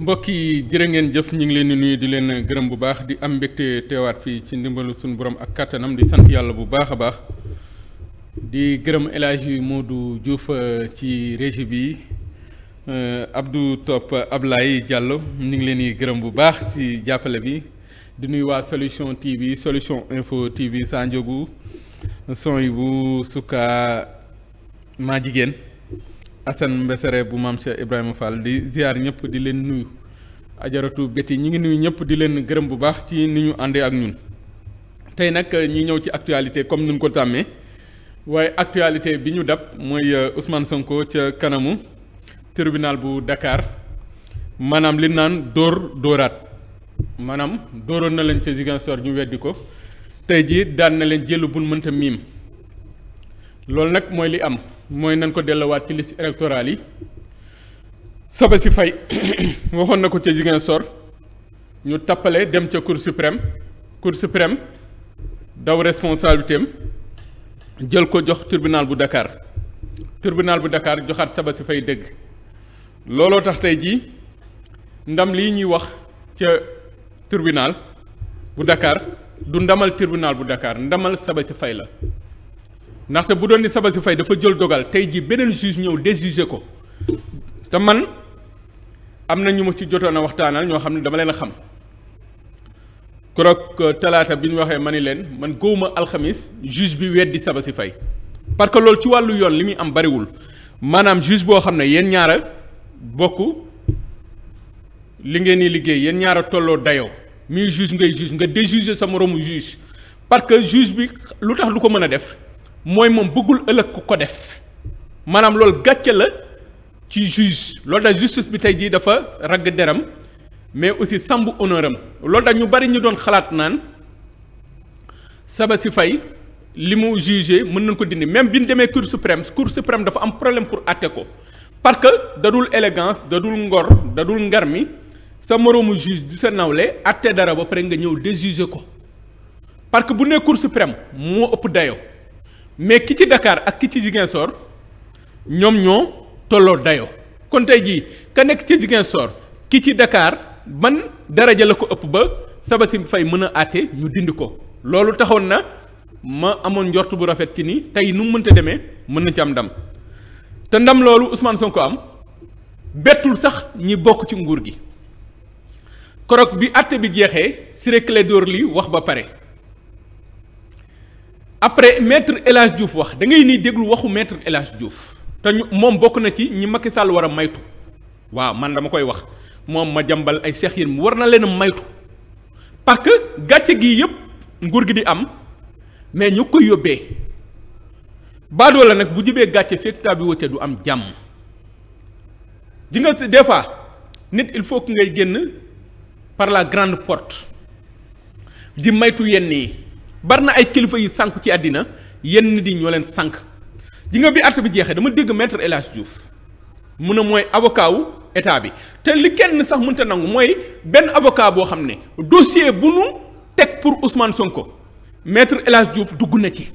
mbokk yi jërë ngeen jëf ñu ngi leen di nuyu di leen gërëm bu baax di am mbégte teewaat fii ci ndimbalu suñu borom ak kattanam di sant yàlla bu baax a baax di gërëm El Hadji Modou Diouf euh, ci régie bi euh, Abdou Top Ablaye Diallo ñu ngi leen di gërëm bu baax ci jàppale bi di nuyu waa solution TV solution info TV Sandiogu son yi bu sukka maa jigéen. Assane Mbesere bu maam Cheikh Ibrahima Fall di ziar ñëpp di leen nuyu ajaratu bét yi ñi ngi nuyu ñëpp di leen gërëm bu baax ci ni ñu àndee ak ñun tey nag euh, ñi ñëw ci actualité comme ni ñu ko tàmmee waaye actualité bi ñu dab mooy euh, Ousmane Sonko ca kanamu tribunal bu dakaar maanaam li naan dóor dóoraat maanaam dóoroon na leen ca Ziguinchor ñu weddi ko tey jii daan na leen jëlu buñ mënta miim loolu nag mooy li am mooy nan ko dellowaat ci liste électorale yi saba si fay waxoon na ko ca jigéen sor ñu tappale dem ca cour suprême cour suprême daw responsabilité am jël ko jox tribunal bu Dakar tribunal bu dakaar joxaat saba si fay dëgg looloo tax tey jii ndam li ñuy wax ca tribunal bu dakaar du ndamal tribunal bu dakaar ndamal saba si fay la ndaxte bu doon saba Sabassy fay dafa jël dogal tey jii beneen juge ñëw déjuger ko te man am na ñu ma ci jotoon a waxtaanal ñoo xam ne dama leen a xam keroog euh, talaata bi ñu waxee ma ni leen man gowma alxamis juge bi weddi Sabassy Faye parce que loolu ci wàllu yoon li muy am bariwul maanaam juge boo xam ne yéen ñaara bokk li ngeen di liggéey yéen ñaara tolloo dayoo muy juge ngay juge nga déjuger sa moromu juge parce que juge bi lu tax du ko mën a def mooy moom bëggul ëllëg ku ko def maanaam loolu gàcce la ci juge loolu da justice bi tey jii dafa ragg deram mais aussi sàmbu honneur am loolu da ñu bari ñu doon xalaat naan Sabassy Faye li mu jugé mën nañ ko dindi même bi ñu demee cour suprême cour suprême dafa am problème pour àtte ko parce que dadul élégance dadul ngor dadul ngar mi sa moroomu juge di sa nawle àtte dara ba pare nga ñëw déjugé ko parce que bu nee cour suprême moo ëpp dayoo. mais ki ci Dakar ak ki ci Ziguinchor ñoom ñoo tolloo dayoo kon tey jii ka nekk ci Ziguinchor ki ci Dakar man daraja la ko ëpp ba Sabassy Faye mën a àtte ñu dindi ko loolu taxoon na ma amoon njort bu rafet ci ni tey nu mu mënta demee mën na ci am ndam te ndam loolu Ousmane ko am bettul sax ñi bokk ci nguur gi korog bi àtte bi jeexee Ciré Clédor li wax ba pare. après maître El Hadj Diouf wax da ngay nii déglu waxu maître El jouf Diouf te moom bokk na ci ñi Macky Sall war a maytu waaw man dama koy wax moom ma jàmbal ay seex mu war na leen maytu parce que gàcce gi yëpp nguur gi di am mais ñu koy yóbbee baadoo nag bu jibee gàcce fekk taa bi wëcce du am jàmm ji nga des fois nit il faut que ngay génn par la grande porte di maytu yenn yi. bari na ay kilifa yi sànq ci àddina yenn di ñoo leen sànq ji nga bi at bi jeexee dama dégg maître El Hadj mu ne mooy avocat wu état bi te li kenn sax mënta nangu mooy benn avocat boo xam ne dossier bu nu teg pour Ousmane Sonko maître El Hadj Diouf dugg na ci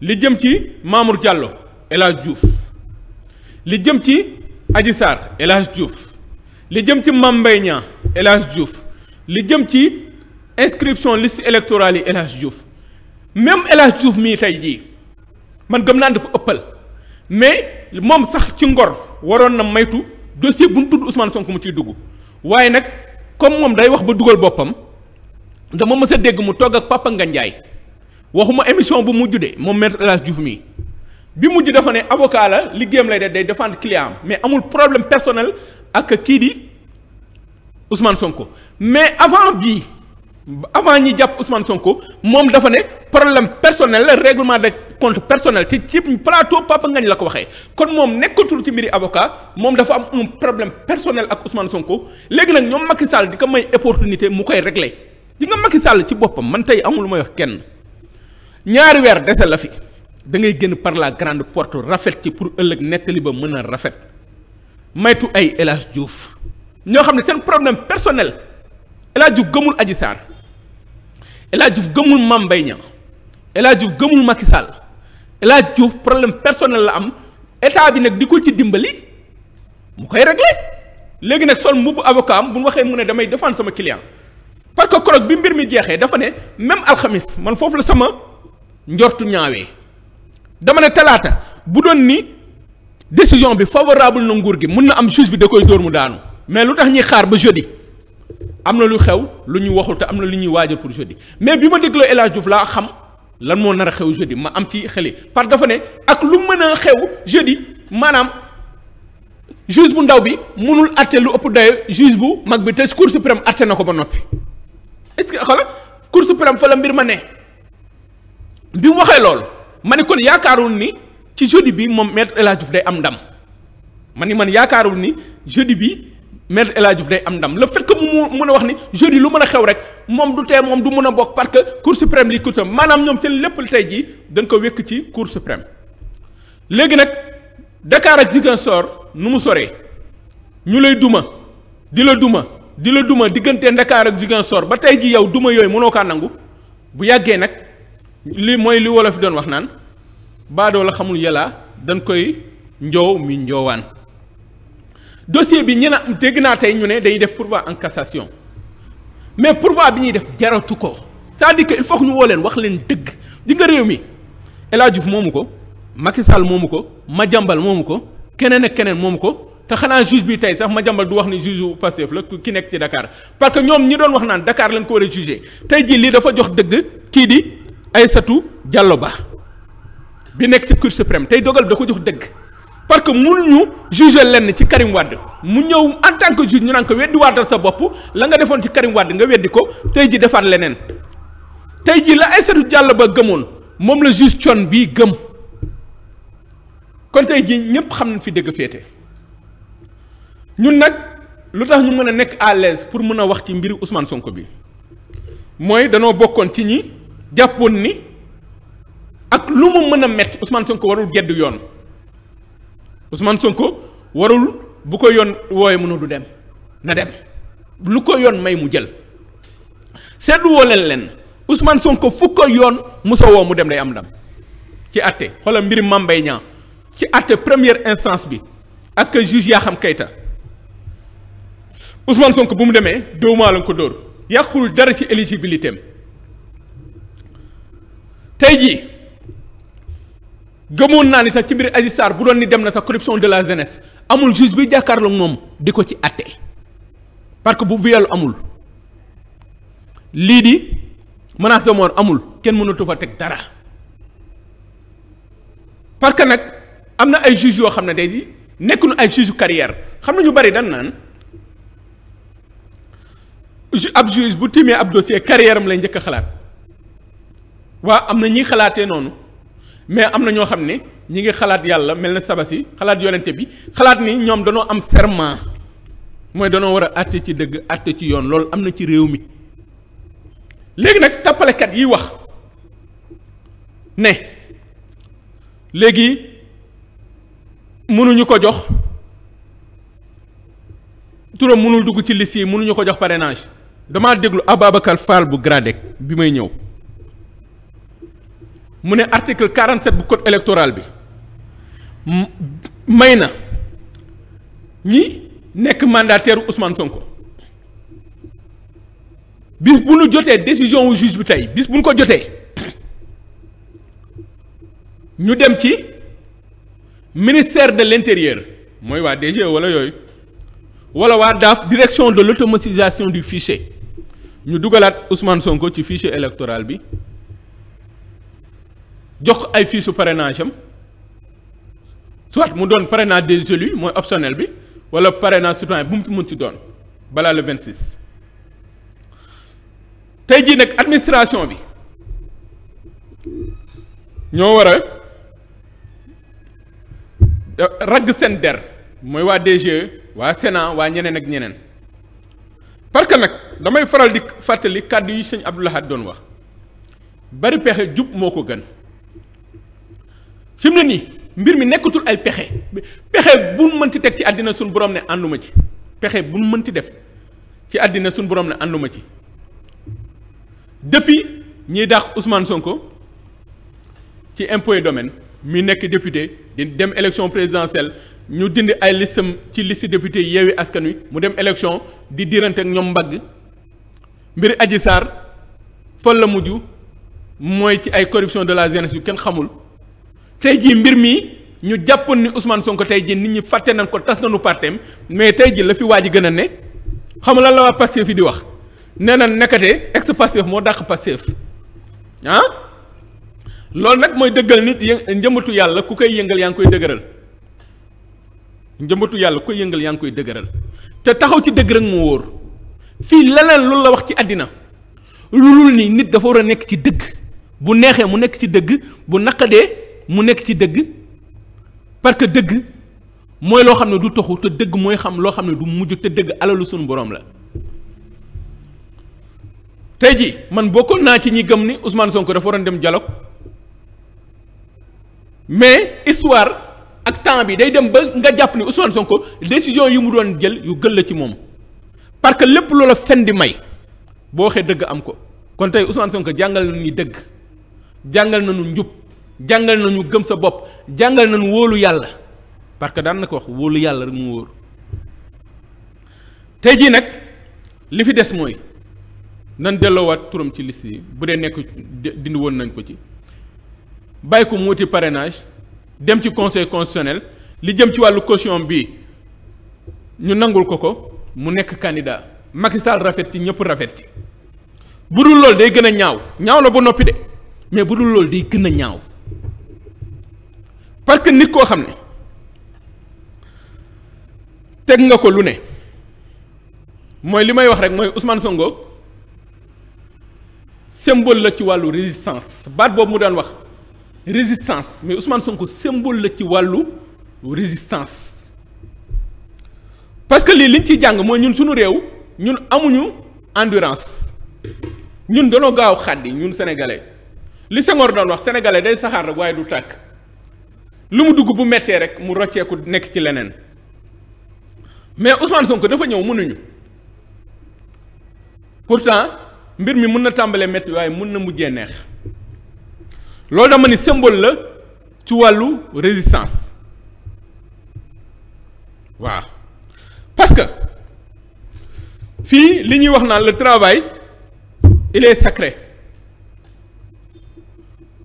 li jëm ci Mamour Diallo El Hadj Diouf li jëm ci Adji Sarr El li jëm ci Mame Mbaye Niang El li jëm ci. inscription liste électorale yi El jouf Diouf même El Hadj Diouf mii tey jii man gëm naa dafa ëppal mais moom sax ci ngor waroon na maytu dossier bu ñu tudd Ousmane Sonko mu ciy dugg waaye nag comme moom day wax ba dugal boppam dama mës dégg mu togg ak Papa Ngandiaye waxuma émission bu mujj de moom maître El Hadj Diouf mii bi mujj dafa ne avocat la liggéeyam lay def day défendre client am mais amul problème personnel ak kii di Ousmane Sonko mais avant bii. avant ñi jàpp Ousmane Sonko moom dafa ne problème personnel la règlement de compte personnel te ci plateau Papa Ngañ la ko waxee kon moom nekkatul ci mbiri avocat moom dafa am un problème personnel ak Ousmane Sonko léegi nag ñoom Macky Sall di ko may opportunité mu koy régler di nga Macky sàll ci boppam man tey amul lu may wax kenn ñaari weer dese la fi da ngay génn par la grande porte rafet ci pour ëllëg nettali ba mën a rafet maytu ay El Hadj ñoo xam ne seen problème personnel El Hadj gëmul Adji Sarr. El Hadj gëmul Mame Mbaye Niang El Hadj gëmul Macky Sall El Hadj Diouf problème personnel la am état bi nag di ko ci dimbali mu koy réglé léegi nag sol mbubbu avocat am bu ñu waxee mu ne damay defan sama client parce que korog bi mbir mi jeexee dafa ne même alxamis man foofu la sama njortu ñaawee dama ne talaata bu doon ni décision bi favorable na nguur gi mun na am juge bi da koy dóor mu daanu mais lu tax ñuy xaar ba jeudi. am na lu xew lu ñuy waxul te am na lu ñuy waajal pour jeudi mais bi ma dégloo El Hadj Diouf laa xam lan moo nar a xew jeudi ma am ci xeli parce dafa ne ak lu mën a xew jeudi maanaam juge bu ndaw bi mënul àtte lu ëpp dayo juge bu mag bi te cour suprême àtte na ko ba noppi est-ce que xala cour suprême fa la mbir ma ne bi mu waxee loolu ma ne kon yaakaarul ni ci jeudi bi moom maître El Hadj Diouf day am ndam ma ni man yaakaarul ni jeudi bi. maître El Hadj Diouf day am ndam la fait que mu mën a wax ni jeudi lu mën a xew rek moom du tee moom du mën a bokk parce que cour suprême li kutam maanaam ñoom seen lépp tey jii dañ ko wékk ci cour suprême léegi nag Dakar ak Ziguinchor nu mu soree ñu lay duma di la duma di la duma diggante ndakaar ak Ziguinchor ba tey jii yow duma yooyu mënoo kaa nangu bu yàggee nag li mooy li wolof fi doon wax naan baadoo la xamul yàlla dañ koy njoow mi njoowaan dossier bi ñu na dégg naa tey ñu ne dañuy def pourvoi en cassation mais pourvoi bi ñuy def jaratu ko c'est-à-dire il faut que ñu woo leen wax leen dëgg di nga réew mi El Hadj moomu ko Macky Sall moomu ko ma Madiambal moomu ko keneen ak keneen moomu ko te xanaa juge bi tey sax Madiambal du wax ni juge wu Pastef la ki nekk ci Dakar parce que ñoom ñi doon wax naan Dakar lañ ko war a jugé tey jii lii dafa jox dëgg kii di ay Aïssatou Diallo Ba bi nekk ci Cour tey dogal da ko jox dëgg. parce que ñu juger lenn ci Karim Wade mu ñëw en tant que juge ñu naan ko weddi waatal sa bopp la nga defoon ci Karim Wade nga weddi ko tey ji defaat leneen tey ji la Aïssatou Diallo Ba gëmoon moom la juge Thione bii gëm kon tey jii ñëpp xam nañ fi dëgg féete ñun nag lu tax ñu mën a nekk à l'aise pour mën a wax ci mbiri Ousmane Sonko bi mooy danoo bokkoon ci ñi jàppoon ni ak lu mu mën a metti Ousmane Sonko warul gedd yoon Ousmane Sonko warul bu ko yoon wooye mënu du dem na dem lu ko yoon may mu jël seetlu woo leen leen Ousmane Sonko fu ko yoon musa woo mu dem day am ndam ci àtte xoolal mbir Mame Mbaye ci àtte première instance bi ak juge yaa xam kayta Ousmane Sonko bu mu demee deux mois ko dóor yàqul dara ci éligibilité tey jii gëmoon naa ni sax ci biir Adji Sarr bu doon ni dem na sax corruption de la jeunesse amul juge bi jàkkaarloog moom di ko ci atte parce que bu viol amul lii di menace de amul kenn mënatu fa teg dara parce que nag am na ay juges yoo xam ne day di nu ay juge carrière xam na ñu bari dan naan ju ab juge bu tiimee ab dossier carrière am lay njëkk a xalaat waa am na ñuy xalaatee noonu. mais am na ñoo xam ne ñi ngi xalaat yàlla mel na sabasi xalaat yonente bi xalaat ni ñoom danoo am serment mooy danoo war a àtte ci dëgg àtte ci yoon loolu am na ci réew mi léegi nag tappalekat yi wax ne léegi mënuñu ko jox turam mënul dugg ci liste mënuñu ko jox parrainage damaa déglu Ababacar Fall bu Gradec bi may ñëw mu ne article 47 bu code électoral bi may na ñi nekk mandataire Ousmane Sonko bis bu nu jotee décision wu juge bi tey bis bu nu ko jotee ñu dem ci ministère de l'intérieur mooy waa DG wala yooyu wala waa daaf direction de l'automatisation du fichier ñu dugalaat Ousmane Sonko ci fichier électoral bi jox ay fiches su parrainage am soit mu doon parrainage des élus mooy optionnel bi wala parrainage citoyen bu mu ci mën ci doon balaa vingt 26. tey jii nag administration bi ñoo war a ragg seen der mooy waa DGE waa Sénat waa ñeneen ak ñeneen parce que nag damay faral di fàttali kàddu yi sëñ Abdou Lahad doon wax bari pexe jub moo ko gën. fi mu ne nii mbir mi nekkatul ay pexe pexe bu mu mënti teg ci àddina suñu borom ne ànduma ci pexe bu mu mënti def ci àddina suñu borom ne ànduma ci depuis ñiy dàq Ousmane Sonko ci impôt domaine mi nekk député di dem élection présidentielle ñu dindi ay listam ci liste député Yewwi Askan Wi mu dem élection di diirante ak ñoom mbagg mbir Adji Sarr fan la mujj mooy ci ay corruption de la jeunesse yu kenn xamul. tey jii mbir mii ñu jàppoon ni Ousmane Sonko tey jii nit ñi fàtte nañ ko tas nañu parteem mais tey jii la fi waa ji gën a ne xam lan la waa Pastef yi di wax nee na nekkate ex Pastef moo dàq Pastef ah loolu nag mooy dëggal nit yë njëmbatu yàlla ku koy yëngal yaa ngi koy dëgëral njëmbatu yàlla koy yëngal yaa ngi koy dëgëral te taxaw ci dëgg rek moo wóor fii leneen loolu la wax ci àddina lu lul ni nit dafa nekk ci dëgg bu neexee mu nekk ci dëgg bu naqadee. mu nekk ci dëgg parce que dëgg mooy loo xam ne du toxu te dëgg mooy xam loo xam ne du mujj te dëgg alalu suñu boroom la tey ji man bokkoon naa ci ñi gëm ni Ousmane Sonko dafa waroon dem dialogue mais histoire ak temps bi day dem ba nga jàpp ni Ousmane Sonko décision yi mu doon jël yu gën la ci moom parce que lépp loola fen di may boo waxee dëgg am ko kon tey Ousmane Sonko jàngal nañu dëgg jàngal nañu njub. jàngal nañu gëm sa bopp jàngal nañu wóolu yàlla parce que daan na ko wax wóolu yàlla rek mu wóor tey jii nag li fi des mooy nan delloowaat turam ci liste yi bu dee nekk dind woon nañ ko ci bàyyi ko mu wuti parrainage dem ci conseil constitutionnel li jëm ci wàllu caution bi ñu nangul ko ko mu nekk candidat Macky Sall rafet ci ñëpp rafet ci bu dul loolu day gën a ñaaw ñaaw la ba noppi de mais bu dul loolu day gën a ñaaw. parce que nit koo xam ne teg nga ko lu ne mooy li may wax rek mooy Ousmane Sonko symbole la ci wàllu résistance baat boobu mu daan wax résistance mais Ousmane Sonko symbole la ci wàllu résistance parce que lii liñ ci jàng mooy ñun suñu réew ñun amuñu endurance ñun danoo gaaw xàddi ñun sénégalais li sengoor doon wax sénégalais day saxaar waaye du tàkk. li mu dugg bu méttee rek mu rocceeku nekk ci leneen mais Ousmane sonk dafa ñëw mënuñu pourtant mbir mi mën na tàmbalee métti waaye mën na mujjee neex loo dama ni symbole la ci wàllu résistance waaw parce que fii li ñuy wax naan la travail il est sacré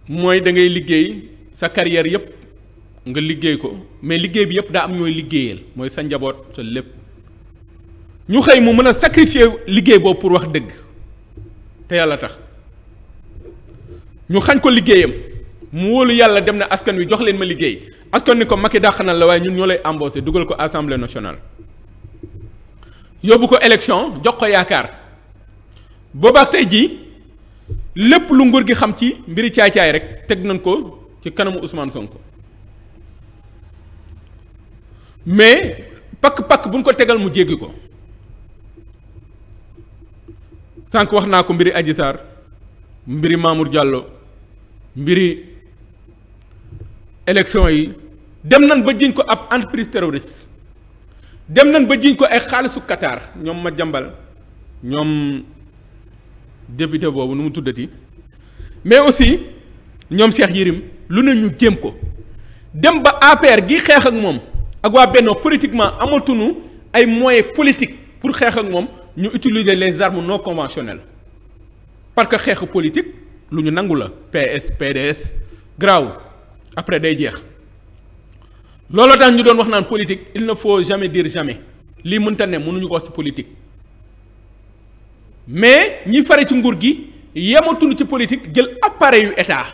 mooy da ngay liggéey sa carrière yépp nga liggéey ko mais liggéey bi yëpp daa am ñooy liggéeyal mooy sa njaboot sa lépp ñu xëy mu mën a sacrifier liggéey boobu pour wax dëgg te yàlla tax ñu xañ ko liggéeyam mu wóolu yàlla dem na askan wi jox leen ma liggéey askan ni ko Macky dàq na la waaye ñun ñoo lay embauché dugal ko assemblée nationale yóbbu ko élection jox ko yaakaar boobaa tey jii lépp lu nguur gi xam ci mbiri caay-caay rek teg nañ ko ci kanamu Ousmane Sonko. mais pakk pakk bu ñu ko tegal mu jéggi ko sànq wax naa ko mbiri Adji Sarr mbiri Mamour Diallo mbiri élection yi dem nañ ba jiñ ko ab entreprise terroriste dem nañ ba jiñ ko ay xaalisu Qatar ñoom ma jàmbal ñoom député boobu nu mu tuddati mais aussi ñoom Cheikh Yérim lu ne ñu jéem ko dem ba APR gi xeex ak moom ak waa Benno politiquement amatuñu ay moyens politiques pour xeex ak moom ñu utiliser les armes non conventionnelles parce que xeexu politique lu ñu nangu la PS PDS graaw après day jeex looloo tax ñu doon wax naan politique il ne faut jamais dire jamais lii mënta ne mënuñu ko wax ci politique mais ñi fare ci nguur gi yematuñu ci politique jël appareil yu état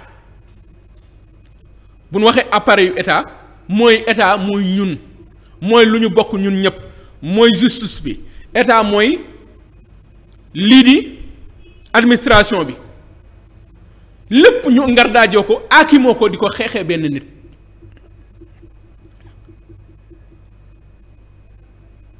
bu ñu waxee appareil yu état. mooy état mooy ñun mooy lu ñu bokk ñun ñëpp mooy justice bi état mooy lii di administration bi lépp ñu ngar daajoo ko aakimoo ko di ko xeexee benn nit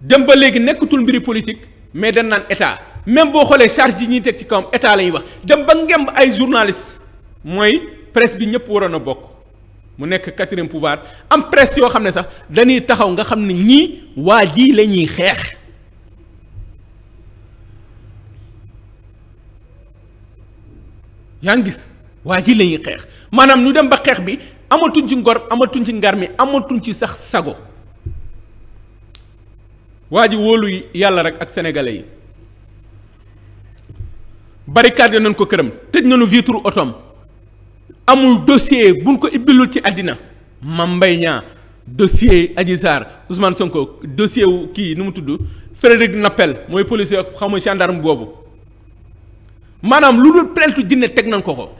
dem ba léegi nekkatul mbiri politique mais dañ naan état même boo xoolee charge yi ñuy teg ci kawam état lañuy wax dem ba ngemb ay journaliste mooy presse bi ñëpp waroon a bokk mu nekk quatrième pouvoir am presse yoo xam ne sax dañuy taxaw nga xam ne ñii waa jii la ñuy xeex yaa ngi gis waa ji la xeex maanaam ñu dem ba xeex bi amatuñ ci ngor amatuñ ci ngar mi amatuñ ci sax sago waa ji wóolu yàlla rek ak sénégalais yi barricade nañ ko këram tëj nañu vitre otom amul dossier buñ ko ibbilul ci àddina ma mbay Niang dossier Adji Sarr Ousmane Sonko dossier wu kii nu mu tudd Frédéric Nappel mooy policier xamul gendarme boobu maanaam lu dul plainte jinne teg nañ ko ko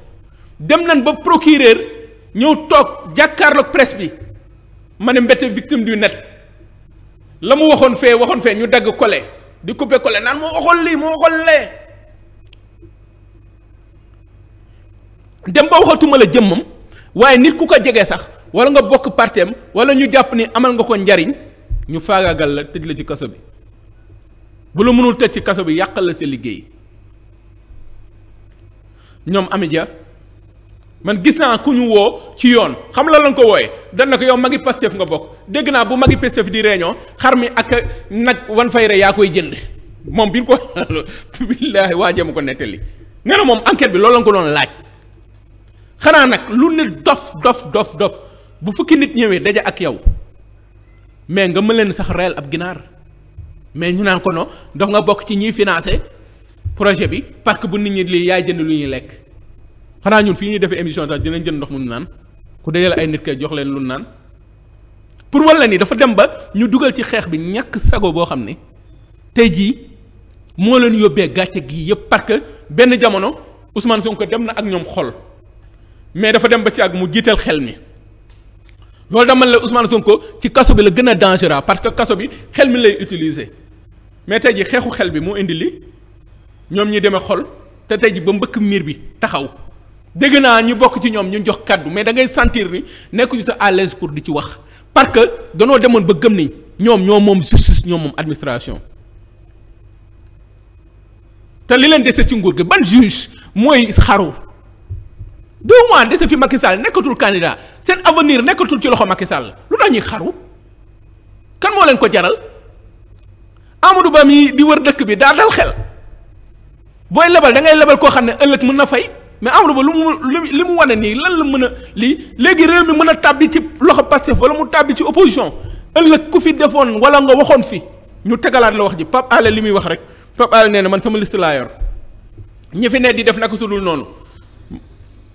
dem nañ ba procureur ñëw toog jàkkaarloog presse bi ma ne mbette victime du net la mu waxoon fee waxoon fee ñu dagg kole di coupé collé naan moo waxoon lii moo waxoon lee dem ba waxatuma la jëmmam waaye nit ku ko jege sax wala nga bokk parteem wala ñu jàpp ni amal nga ko njariñ ñu faagaagal la tëj la ci kaso bi bu la mënul tëj ci kaso bi yàqal la sa liggéey ñoom Amidia man gis naa ku ñu woo ci yoon xam la lañ ko wooyee dan na ko yow magi Pastef nga bokk dégg naa bu magi Pastef di réunion xar mi ak nag wan fay re yaa koy jënd moom bi ñu ko billaahi waajee ma ko nettali nee na moom enquête bi loolu lañ ko doon laaj xanaa nag lu ne dof dof dof dof bu fukki nit ñëwee daje ak yow mais nga mën leen sax reyal ab ginaar mais ñu naan ko non dox nga bokk ci ñiy financé projet bi parce que bu nit ñi lii yaay jënd lu ñuy lekk xanaa ñun fii ñuy defee émission tax dinañ jënd ndox mu nu naan ku dajale ay nit kay jox leen lu naan pour walla nii dafa dem ba ñu dugal ci xeex bi ñàkk sago boo xam ne tey jii moo leen yóbbee gàcce gi yëpp parce que benn jamono Ousmane Sonko dem na ak ñoom xol. mais dafa dem ba ci ak mu jiital xel mi loolu demal la Ousmane Sonko ci kaso bi la gën a dangereux parce que kaso bi xel mi lay utiliser mais tey ji xeexu xel bi mu indi li ñoom ñi demee xol te tey ji ba mbëkk miir bi taxaw dégg naa ñi bokk ci ñoom ñu jox kàddu mais da ngay sentir ni nekkuñu sa à pour di ci wax parce que danoo demoon ba gëm ni ñoom ñoo moom justice ñoom moom administration te li leen dese ci nguur gi ban juge mooy xaru deux mois dese fi Macky Sall nekkatul candidat seen avenir nekkatul ci loxo Macky Sall lu tax ñuy xaru kan moo leen ko jaral Amadou Ba mi di wër dëkk bi daa xel booy lebal da ngay lebal koo xam ne ëllëg mën na fay mais Amadou Ba lu mu li mu wane nii lan la mën a lii léegi réew mi mën a tàbbi ci loxo Pastef wala mu tàbbi ci opposition ëllëg ku fi defoon wala nga waxoon si ñu tegalaat la wax ji Pape Alé li muy wax rek Pape Alé nee na man sama liste laa yor ñi fi ne di def naka su dul noonu.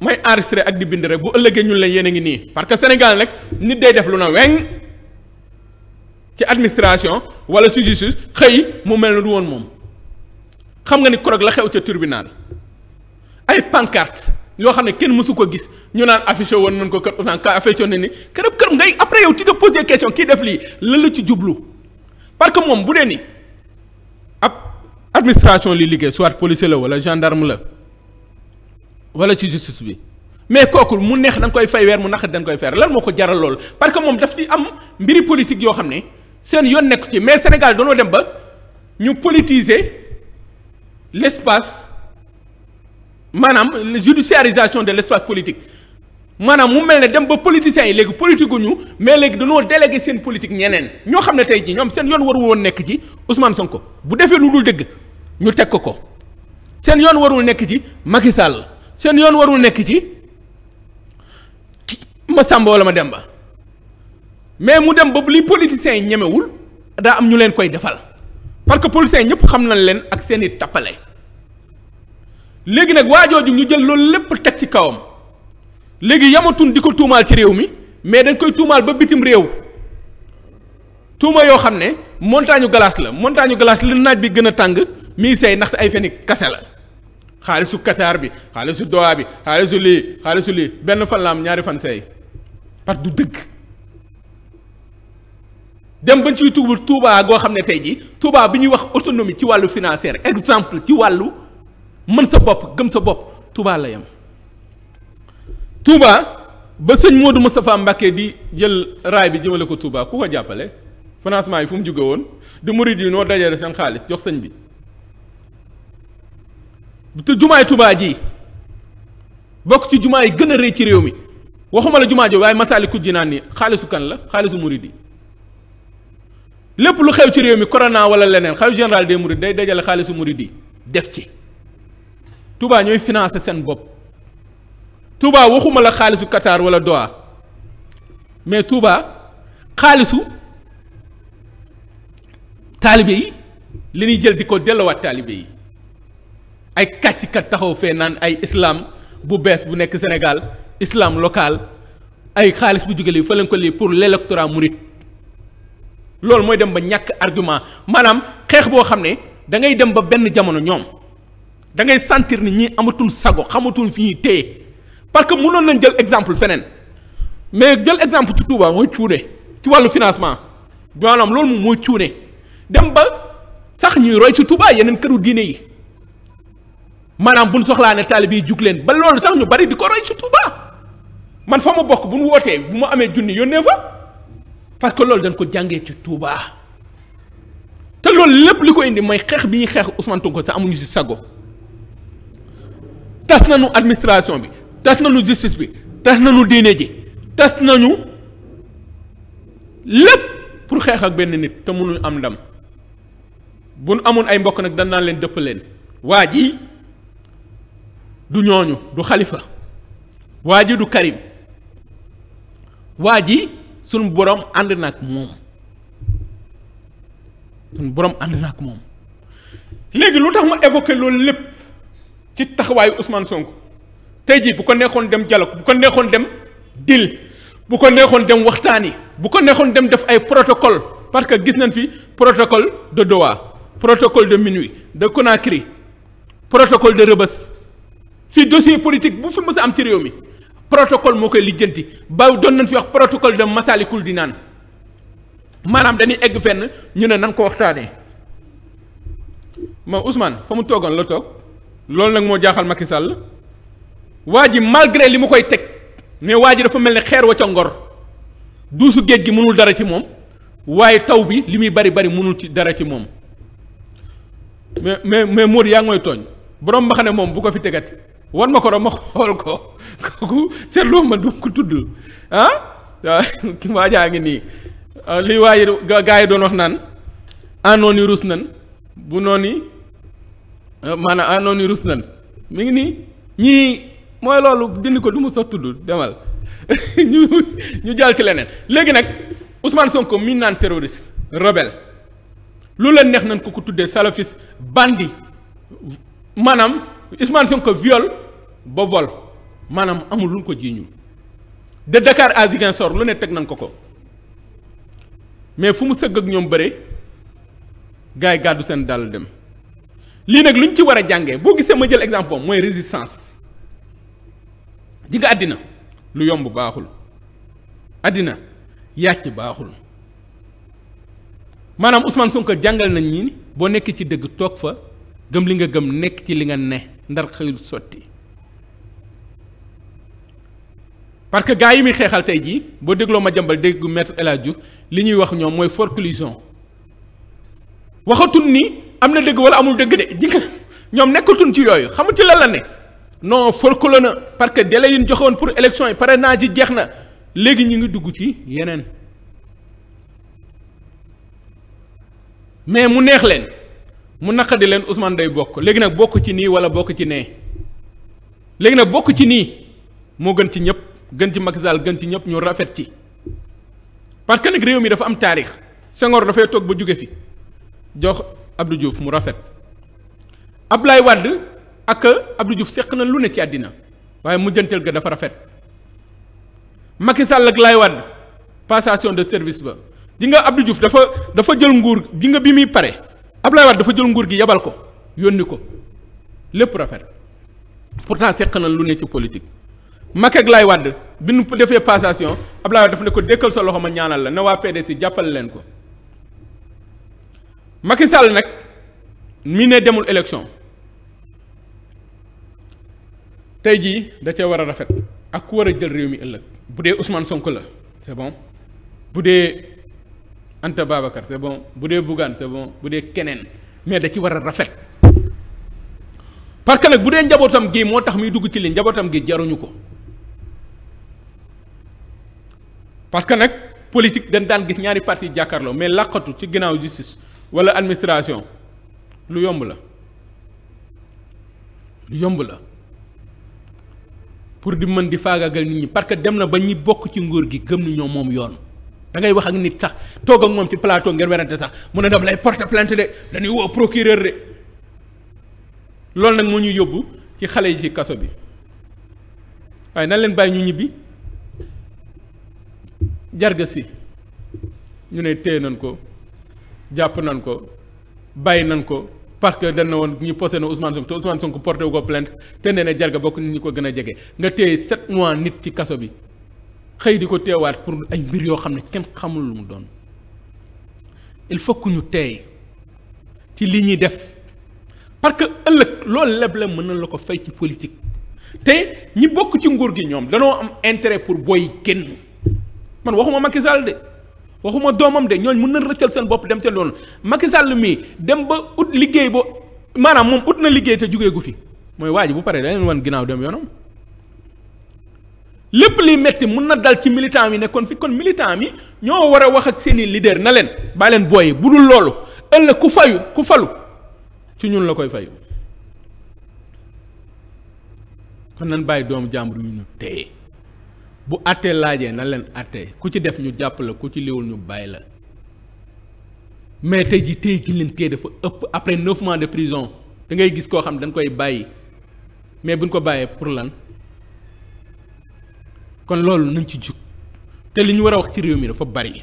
mooy enregistré ak di bind rek bu ëllëgee ñu lañ yéen ngi nii parce que Sénégal nag nit day def lu na weng ci administration wala ci justice xëy mu mel na du woon moom xam nga ni korog la xew ca tribunal ay pancarte yoo xam ne kenn mësu ko gis ñu naan affiché woon nañ ko kër Ousmane ka affiché woon ne ni kërëb kërëb ngay après yow ci nga posé question kii def lii lan la ci jublu parce que moom bu dee ni ab administration li liggéey soit policier la wala gendarme la wala ci justice bi mais kooku mu neex dañ koy fay weer mu nax dañ koy fer lan moo ko jaral lool parce que moom daf ci am mbiri politique yoo xam ne seen yoon nekk ci mais Sénégal dañoo dem ba ñu politiser l'espace maanaam judiciarisation de l'espace politique maanaam mu mel dem ba politiciens yi léegi politique ñu mais léegi dañoo délégué seen politique ñeneen ñoo xam ne tey jii ñoom seen yoon warul woon nekk ci son ko bu defee lu dul dëgg ñu teg ko ko seen yoon warul nekk ci Macky Sall. seen yoon warul nekk ci ma sàmba wala ma dem ba mais mu dem ba li politiciens yi ñemewul daa am ñu leen koy defal parce que politiciens yi ñëpp xam nañ leen ak seeni tappale léegi nag waa jooju ñu jël loolu lépp teg ci kawam léegi yamatuñ di ko tuumaal ci réew mi mais dañ koy tuumaal ba bitim réew tuuma yoo xam ne montagne glace la montagne glace li naaj bi gën a tàng mi ngi seey ay feni kase la xaalisu Qatar bi xaalisu Doha bi xaalisu lii xaalisu lii benn fan la am ñaari fan seey parce que du dëgg dem bañ ciy tuubul Touba goo xam ne tey jii Touba bi ñuy wax autonomie ci wàllu financière exemple ci wàllu mën sa bopp gëm sa bopp Touba layam yem. ba sëñ Modou Moustapha Mbacké di jël raay bi jëmale ko Touba ku ko jàppale fanancement yi fu mu jógee woon di murid yi noo dajale seen xaalis jox sëñ bi. te jumaay tubaa ji bokk ci jumaa yi gën a rëy ci réew mi waxuma la jumaa ji waaye ji Jinaan ni xaalisu kan la xaalisu murid yi lépp lu xew ci réew mi corona wala leneen xalifa général de mourides day dajale xaalisu murid yi def ci tubaa ñooy financé seen bopp Touba waxuma la xaalisu Qatar wala Doha mais Touba xaalisu taalibe yi li nuy jël di ko delluwaat taalibe yi ay kàcckat taxaw fee naan ay islaam bu bees bu nekk Sénégal islam local ay xaalis bu jóge lii fa lañ ko lii pour l'électorat mouride loolu mooy dem ba ñàkk argument maanaam xeex boo xam ne da ngay dem ba benn jamono ñoom da ngay sentir ni ñii amatul sago xamatul fi ñuy téye parce que mënoon nañ jël exemple feneen mais jël exemple ci Touba mooy cuune ci wàllu financement maanaam loolu moom mooy cuune dem ba sax ñuy roy ci Touba yeneen këru diine yi maanaam bu ñu soxlaa ne taalibe yi jug leen ba loolu sax ñu bari di ko roy ci Touba man fa ma bokk bu ñu wootee bu ma amee junni yónnee fa parce que loolu dañ ko jàngee ci Touba te loolu lépp li ko indi mooy xeex bi ñuy xeex Ousmane ko ci amuñu si sago tas na nu administration bi tas na nañu justice bi tas nañu diine ji tas nañu lépp pour xeex ak benn nit te mënuñu am ndam bu nu amoon ay mbokk nag dañ naan leen dëpp leen waa ji. du ñooñu du xalifa waa ji du Karim waa ji sunu borom ànd na ak moom borom ànd na moom léegi lu tax ma évoqué loolu lépp ci taxawaayu Ousmane sonk tey jii bu ko neexoon dem dialogue bu ko neexoon dem dil bu ko neexoon dem waxtaani bu ko neexoon dem def ay protocole parce que gis nañ fi protocole de Doha protocole de Minui de Conakry protocole de Rebeuss ci dossier politique bu fi mës a am ci réew mi protocole moo koy lijjanti ba doon nañ fi wax protocole de Massalikul Jinaan maanaam dañuy egg fenn ñu ne nan ko waxtaanee ma Ousmane fa mu toogoon la toog loolu nag moo jaaxal Macky Sall waa ji malgré li mu koy teg mais waa ji dafa mel ni xeer wa ca ngor duusu géej gi mënul dara ci moom waaye taw bi li muy bari bari mënul ci dara ci moom mais mais mais Modou yaa ngi mooy tooñ borom mbaxane moom bu ko fi tegati. war ma ko dama xool ko kooku seetloo ma du ko tudd ah, ah ki waajaa ngi nii ah, li waaye gars yi doon wax naan anoon yi rus nan bu noonu ah, maanaam anoon yi rus nan mi ngi nii ñii mooy loolu dindi ko du mu sa tudd demal ñu ñu jàll ci leneen léegi nag Ousmane Sonko mi naan terroriste rebelle lu la neex nañ ku ko tuddee salafiste bandi maanaam Ousmane Sonko viol ba vol maanaam amul luñ ko jiiñu de Dakar à Ziguinchor lu ne teg nañ ko ko mais fu mu sëgg ak ñoom bëre gars yi gàddu seen dàll dem lii nag luñ ci war a jàngee boo gisee ma jël exemple mooy résistance di nga àddina lu yomb baaxul àddina yàcc baaxul maanaam Ousmane Sonko jàngal nañ ñi boo nekkee ci dëgg toog fa gëm li nga gëm nekk ci li nga ne ndar xëyul sotti parce que gars yi muy xeexal tey jii boo dégloo ma jambal déggu maître El Hadj li ñuy wax ñoom mooy forclusion waxatul ni am na dëgg wala amul dëgg de ji ñoom nekkatun ci yooyu xamu ci lan la ne non forclos na parce que délai joxoon pour élection yi naa ji jeex na léegi ñu ngi dugg ci yeneen mais mu neex leen. mu naqadi leen Ousmane day bokk léegi nag bokk ci nii wala bokk ci nee léegi nag bokk ci nii moo gën ci ñëpp gën ci Macky gën ci ñëpp ñu rafet ci parce que nag réew mi dafa am taarix Senghor dafay toog ba jóge fi jox Abdou Diouf mu rafet Ablaye Wade ak Abdou Diouf seq na lu ne ci àddina waaye mujjanteel ga dafa rafet Macky Sall ak lay Wade passation de service ba ji nga Abdou Diouf dafa dafa jël nguur bi nga bi muy pare Abdoulaye Wade dafa jël nguur gi yebal ko yónni ko lépp rafet pourtant seq na lu ne ci politique Macky ak Laye Wade bi nu defee passation Abdoulaye Wade dafa ne ko dékkal sa loxo ma ñaanal la ne waa PDC jàppale leen ko Macky sàll nag mi ne demul élection tey jii da cee war a rafet ak ku war a jël réew mi ëllëg bu dee Ousmane Sonko la c'est bon bu dee ante Babacar c'est bon bu dee Bougane c'est bon bu dee keneen mais da ci war a rafet parce nag bu dee njabootam gi moo tax muy dugg ci li njabootam gi jaruñu ko parce que nag politique dañ daan gis ñaari parti jàkkaarloo mais làqatu ci ginnaaw justice wala administration lu yomb la lu yomb la pour di mën di faagaagal nit ñi parce que dem na ba ñi bokk ci nguur gi gëm ni ñoo moom yoon. da wax ak nit sax toog ak moom ci plateau ngeen werante sax mu a dama lay porter plainte de dañuy woo procureur de loolu nag moo ñuy yóbbu ci xale yi ci kaso bi waaye nan leen bàyyi ñu ñibbi jarga si ñu ne téye nañ ko jàpp nan ko bàyyi nañ ko parce que dañ na woon ñu posé na Ousmane Sonko te Ousmane Sonko porté wu ko te neen na jarga bokk ñu ñi ko gën a jege nga téye sept mois nit ci kaso bi. xëy di ko teewaat pour ay mbir yoo xam ne kenn xamul lu mu doon il faut ku ñu teey ci li ñuy def parce que ëllëg loolu lépp la mën na la ko fay ci politique te ñi bokk ci nguur gi ñoom danoo am intérêt pour booy génn man waxuma Macky Sall de waxuma doomam de ñooñ mën na rëccal seen bopp dem ca loolu Macky sàll mii dem ba ut liggéey bo maanaam moom ut na liggéey te jugee gu fi mooy waa ji bu paree da leen wan ginnaaw dem yoonam. lépp liy métti mun na dal ci militant yi kon fi kon militant mi ñoo war a wax ak seeni leader na leen baa leen booyi bu dul loolu ëllëg ku fayu ku falu ci ñun la koy fayu kon nan bàyyi doomu jàmbur yu ñu téye bu àttee laajee na leen àttee ku ci def ñu jàpp la ku ci liwul ñu bàyyi la mais tey ji téye gi leen téye dafa ëpp après neuf mois de prison da ngay gis koo xam dañ koy bàyyi mais buñ ko bàyyee pour lan kon loolu nañ ci jug te li ñu war a wax ci réew mi dafa bari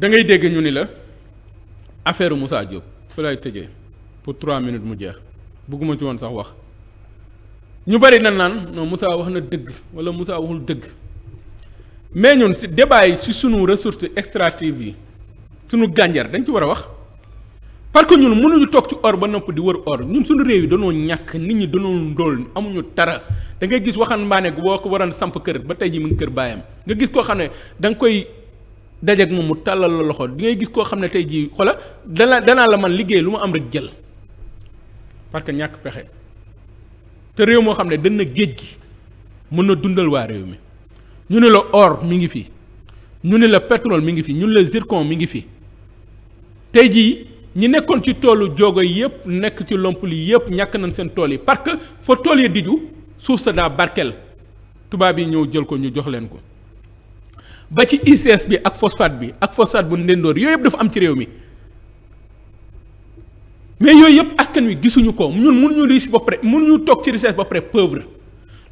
da ngay dégg ñu ni la affaire Moussa jóg fu lay tëjee pour trois minutes mu jeex bëgguma ci woon sax wax ñu bari na naan non Moussa wax na dëgg wala Moussa waxul dëgg mais ñun si débat yi ci sunu ressource extractive yi sunu gànjar dañ ci war a wax. parce que ñun mënuñu toog ci or ba nopp di wër or ñun suñu réew yi danoo ñàkk nit ñi danoo ndóol amuñu dara da ngay gis waxambaane boo ko waroon samp kër ba tey ji mu ngi kër baayam nga gis koo xam ne danga koy dajeeg moom mu tàllal la loxo di ngay gis koo xam ne tey jii xoola dana danaa la man liggéey lu mu am rek jël parce que ñàkk pexe te réew moo xam ne dana géej gi mën na dundal waa réew mi ñu ne la or mi ngi fi ñu ne la pétrole mi ngi fi ñu ne la mi ngi fi tey jii ñi nekkoon ci toolu jogo yëpp nekk ci lomp li yëpp ñàkk nañ seen tool yi parce que fa tool yi diju suuf sa daa barkeel tubaab yi ñëw jël ko ñu jox leen ko ba ci ICS bi ak phosphate bi ak phosphate bu ndendoor yooyu yëpp dafa am ci réew mi mais yooyu yëpp askan wi gisuñu ko ñun mënuñu riche ba pare mënuñu toog ci richesse boppare pare lool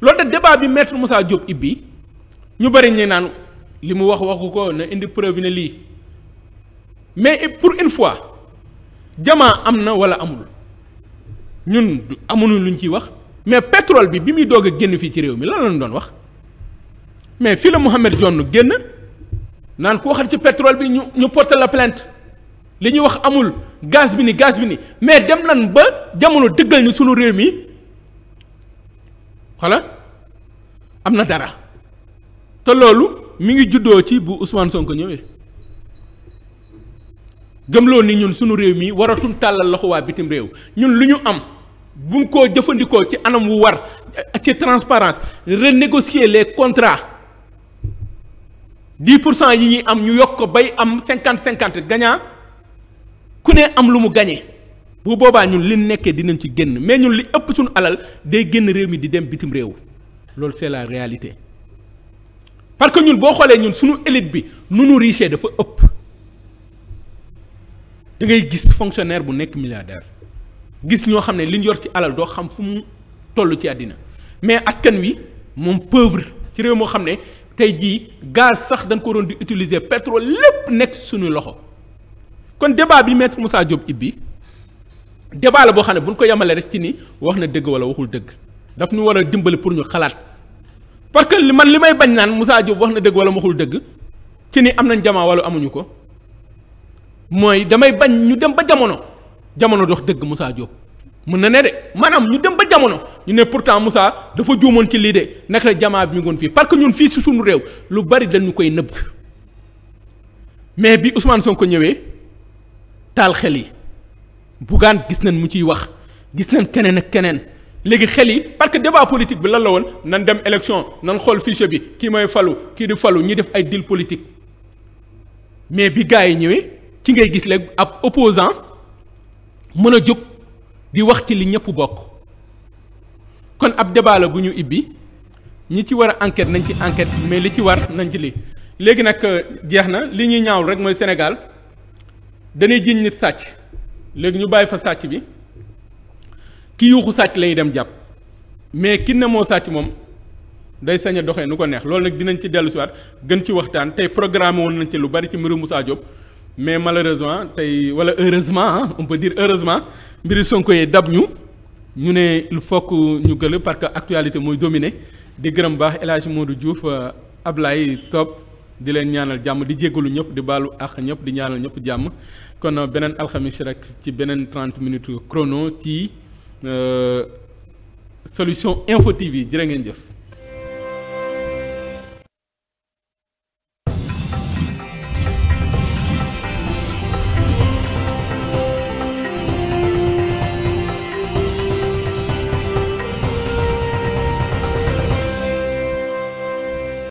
loolu te débat bi maître Moussa Diop ibbi ñu bëri ñu naan li mu wax waxu ko na indi preuve ne lii mais pour une fois. jamaa am na wala amul ñun lu ñu ciy wax mais pétrole bi bi muy doog génn fii ci réew mi lan lañu doon wax mais fii la Mohamed Dionne génn naan ku waxal ci pétrole bi ñu ñu porte la plainte li ñuy wax amul gaz bi ni gaz bi ni mais dem nan ba jamono dëggal ni sunu réew mi xala am na dara te loolu mu ngi juddoo ci bu Ousmane Sonko ñëwee. gëmloo ni ñun suñu réew mii waratul tàllal loxo waa bitim réew ñun lu ñu am buñ ko jëfandikoo ci anam wu war ci transparence renégocier les contrats dix pour cent yi ñuy am ñu yokk ko bay am cinquante cinquante gagnant ku ne am lu mu gagné bu boobaa ñun li nekkee dinañ ci génn mais ñun li ëpp suñu alal day génn réew mi di dem bitim réew loolu c'est la réalité parce que ñun boo xoolee ñun suñu élite bi nu nu riche dafa ëpp. da ngay gis fonctionnaire bu nekk milliardaire gis ñoo xam ne li ñu yor ci alal doo xam fu mu toll ci àddina mais askan wi moom pauvre ci réew moo xam ne tey jii gaz sax dañ ko doon di utiliser pétrole lépp nekk suñu loxo kon débat bi maître Moussa Diop ibbi débat la boo xam ne bu ñu ko yemalee rek ci ni wax na dëgg wala waxul dëgg daf ñu war a dimbali pour ñu xalaat parce que man li may bañ naan Moussa Diop wax na dëgg wala waxul dëgg ci ni am nañ jamaa wala amuñu ko. mooy damay bañ ñu dem ba jamono jamono dox dëgg Moussa Diop mën na ne de maanaam ñu dem ba jamono ñu ne pourtant Moussa dafa juumoon ci lii de naka la jamaa bi ñu ngoon fii parce que ñun fii si suñu réew lu bari dañu koy nëbb mais bi Ousmane ko ñëwee taal xel yi Bougane gis nañ mu ciy wax gis nañ keneen ak keneen léegi xel yi parce que débat politique bi lan la woon nan dem élection nan xool fiche bi kii may falu kii di falu ñi def ay deal politique mais bi gars yi ñëwee. ci ngay gis léegi ab opposant mën a jóg di wax ci li ñëpp bokk kon ab débat la ñu ibbi ñi ci war a enquête nañ ci enquête mais li ci war nañ ci li léegi nag euh, jeex na li ñuy ñaawul rek mooy Sénégal dañuy jiiñ nit sàcc léegi ñu bàyyi fa sàcc bi ki yuuxu sàcc lañuy dem jàpp mais ki ne moo sàcc moom day sañ a nu ko neex loolu nag dinañ ci dellu siwaat gën ci waxtaan tey programme woon nañ ci lu bari ci mbiru Moussa Diop mais malheureusement tey wala heureusement on peut dire heureusement mbiri Sonko yi dab ñu ñu ne lu faut ñu gël parce que actualité mooy dominé di gërëm baax El Hadj Modou Diouf euh, Ablaye Top di leen ñaanal jàmm di jéggalu ñëpp di baalu ak ñëpp di ñaanal ñëpp jàmm kon euh, beneen alxamis rek ci beneen 30 minutes chrono ci euh, solution info TV jërë ngeen jëf.